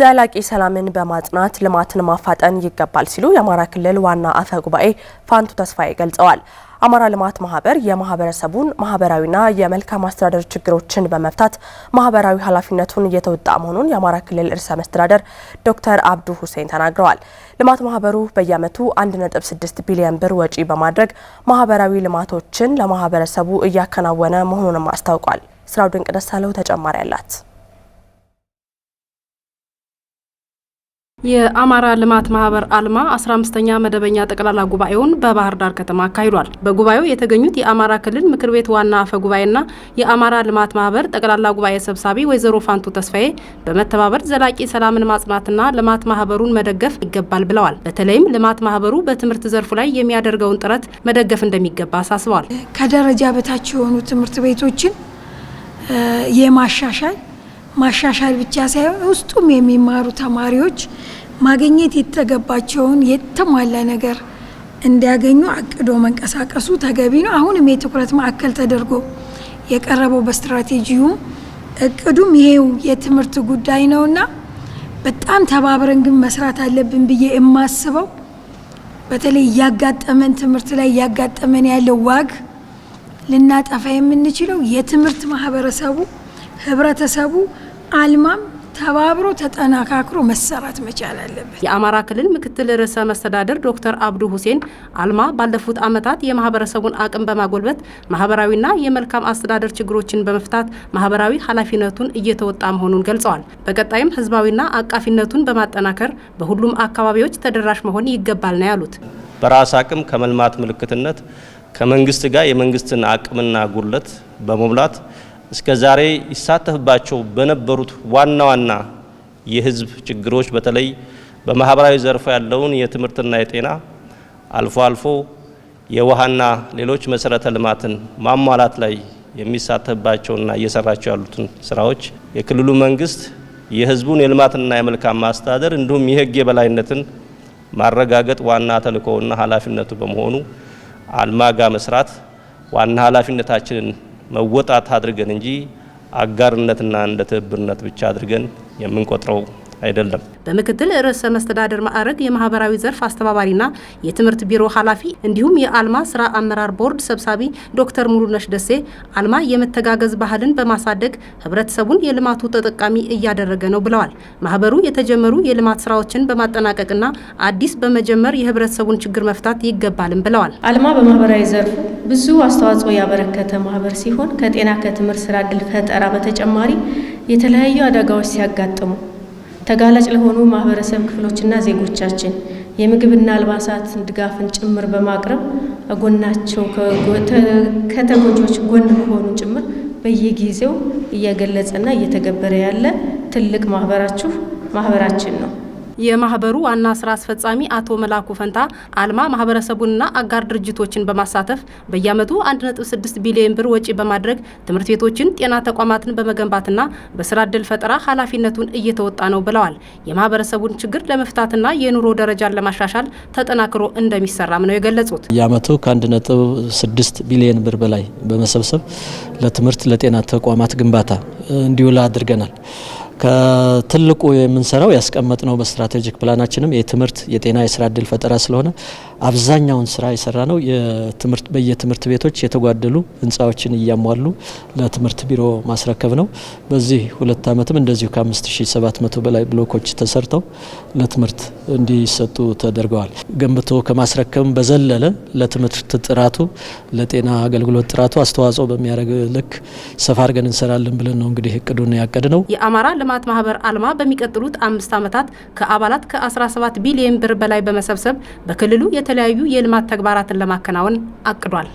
ዘላቂ ሰላምን በማጽናት ልማትን ማፋጠን ይገባል ሲሉ የአማራ ክልል ዋና አፈ ጉባኤ ፋንቱ ተስፋዬ ገልጸዋል። አማራ ልማት ማህበር የማህበረሰቡን ማህበራዊና የመልካም አስተዳደር ችግሮችን በመፍታት ማህበራዊ ኃላፊነቱን እየተወጣ መሆኑን የአማራ ክልል ርዕሰ መስተዳደር ዶክተር አብዱ ሁሴን ተናግረዋል። ልማት ማህበሩ በየዓመቱ 1.6 ቢሊዮን ብር ወጪ በማድረግ ማህበራዊ ልማቶችን ለማህበረሰቡ እያከናወነ መሆኑንም አስታውቋል። ስራው ድንቅ ደሳለው ተጨማሪ አላት። የአማራ ልማት ማህበር አልማ 15ኛ መደበኛ ጠቅላላ ጉባኤውን በባህር ዳር ከተማ አካሂዷል። በጉባኤው የተገኙት የአማራ ክልል ምክር ቤት ዋና አፈ ጉባኤና የአማራ ልማት ማህበር ጠቅላላ ጉባኤ ሰብሳቢ ወይዘሮ ፋንቱ ተስፋዬ በመተባበር ዘላቂ ሰላምን ማጽናትና ልማት ማህበሩን መደገፍ ይገባል ብለዋል። በተለይም ልማት ማህበሩ በትምህርት ዘርፉ ላይ የሚያደርገውን ጥረት መደገፍ እንደሚገባ አሳስበዋል። ከደረጃ በታች የሆኑ ትምህርት ቤቶችን የማሻሻል ማሻሻል ብቻ ሳይሆን ውስጡም የሚማሩ ተማሪዎች ማግኘት የተገባቸውን የተሟላ ነገር እንዲያገኙ አቅዶ መንቀሳቀሱ ተገቢ ነው። አሁንም የትኩረት ማዕከል ተደርጎ የቀረበው በስትራቴጂው እቅዱም ይሄው የትምህርት ጉዳይ ነውና በጣም ተባብረን ግን መስራት አለብን ብዬ የማስበው በተለይ እያጋጠመን ትምህርት ላይ እያጋጠመን ያለው ዋግ ልናጠፋ የምንችለው የትምህርት ማህበረሰቡ ህብረተሰቡ አልማም ተባብሮ ተጠናካክሮ መሰራት መቻል አለበት። የአማራ ክልል ምክትል ርዕሰ መስተዳደር ዶክተር አብዱ ሁሴን አልማ ባለፉት ዓመታት የማህበረሰቡን አቅም በማጎልበት ማህበራዊና የመልካም አስተዳደር ችግሮችን በመፍታት ማህበራዊ ኃላፊነቱን እየተወጣ መሆኑን ገልጸዋል። በቀጣይም ህዝባዊና አቃፊነቱን በማጠናከር በሁሉም አካባቢዎች ተደራሽ መሆን ይገባል ነው ያሉት። በራስ አቅም ከመልማት ምልክትነት ከመንግስት ጋር የመንግስትን አቅምና ጉድለት በመሙላት እስከ ዛሬ ይሳተፍባቸው በነበሩት ዋና ዋና የህዝብ ችግሮች በተለይ በማህበራዊ ዘርፎ ያለውን የትምህርትና የጤና አልፎ አልፎ የውሃና ሌሎች መሰረተ ልማትን ማሟላት ላይ የሚሳተፍባቸውና እየሰራቸው ያሉትን ስራዎች የክልሉ መንግስት የህዝቡን የልማትና የመልካም ማስተዳደር እንዲሁም የህግ የበላይነትን ማረጋገጥ ዋና ተልእኮውና ኃላፊነቱ በመሆኑ አልማጋ መስራት ዋና ኃላፊነታችንን መወጣት አድርገን እንጂ አጋርነትና እንደ ትብብርነት ብቻ አድርገን የምንቆጥረው አይደለም። በምክትል ርዕሰ መስተዳደር ማዕረግ የማህበራዊ ዘርፍ አስተባባሪና የትምህርት ቢሮ ኃላፊ እንዲሁም የአልማ ስራ አመራር ቦርድ ሰብሳቢ ዶክተር ሙሉነሽ ደሴ አልማ የመተጋገዝ ባህልን በማሳደግ ህብረተሰቡን የልማቱ ተጠቃሚ እያደረገ ነው ብለዋል። ማህበሩ የተጀመሩ የልማት ስራዎችን በማጠናቀቅና አዲስ በመጀመር የህብረተሰቡን ችግር መፍታት ይገባልም ብለዋል። አልማ በማህበራዊ ዘርፉ ብዙ አስተዋጽኦ ያበረከተ ማህበር ሲሆን ከጤና ከትምህርት ስራ እድል ፈጠራ በተጨማሪ የተለያዩ አደጋዎች ሲያጋጥሙ ተጋላጭ ለሆኑ ማህበረሰብ ክፍሎችና ዜጎቻችን የምግብና አልባሳት ድጋፍን ጭምር በማቅረብ ጎናቸው ከተጎጆች ጎን መሆኑን ጭምር በየጊዜው እየገለጸና እየተገበረ ያለ ትልቅ ማህበራችሁ ማህበራችን ነው። የማህበሩ ዋና ስራ አስፈጻሚ አቶ መላኩ ፈንታ አልማ ማህበረሰቡንና አጋር ድርጅቶችን በማሳተፍ በየአመቱ 1.6 ቢሊዮን ብር ወጪ በማድረግ ትምህርት ቤቶችን፣ ጤና ተቋማትን በመገንባትና በስራ ዕድል ፈጠራ ኃላፊነቱን እየተወጣ ነው ብለዋል። የማህበረሰቡን ችግር ለመፍታትና የኑሮ ደረጃን ለማሻሻል ተጠናክሮ እንደሚሰራም ነው የገለጹት። የአመቱ ከ1.6 ቢሊዮን ብር በላይ በመሰብሰብ ለትምህርት ለጤና ተቋማት ግንባታ እንዲውላ አድርገናል። ከትልቁ የምንሰራው ያስቀመጥ ነው በስትራቴጂክ ፕላናችንም የትምህርት የጤና የስራ እድል ፈጠራ ስለሆነ አብዛኛውን ስራ የሰራ ነው በየትምህርት ቤቶች የተጓደሉ ህንፃዎችን እያሟሉ ለትምህርት ቢሮ ማስረከብ ነው። በዚህ ሁለት ዓመትም እንደዚሁ ከ5700 በላይ ብሎኮች ተሰርተው ለትምህርት እንዲሰጡ ተደርገዋል። ገንብቶ ከማስረከብም በዘለለ ለትምህርት ጥራቱ፣ ለጤና አገልግሎት ጥራቱ አስተዋጽኦ በሚያደርግ ልክ ሰፋ አድርገን እንሰራለን ብለን ነው እንግዲህ እቅዱን ያቀድ ነው። ልማት ማህበር አልማ በሚቀጥሉት አምስት ዓመታት ከአባላት ከ17 ቢሊዮን ብር በላይ በመሰብሰብ በክልሉ የተለያዩ የልማት ተግባራትን ለማከናወን አቅዷል።